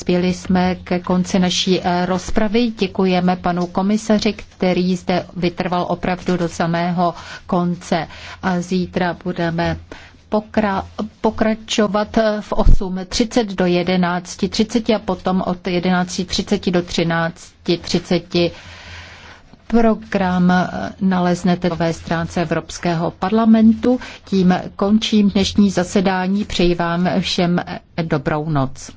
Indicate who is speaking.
Speaker 1: Spěli jsme ke konci naší eh, rozpravy. Děkujeme panu komisaři, který zde vytrval opravdu do samého konce. A zítra budeme pokra- pokračovat eh, v 8.30 do 11.30 a potom od 11.30 do 13.30. Program eh, naleznete ve stránce Evropského parlamentu. Tím končím dnešní zasedání. Přeji vám všem dobrou noc.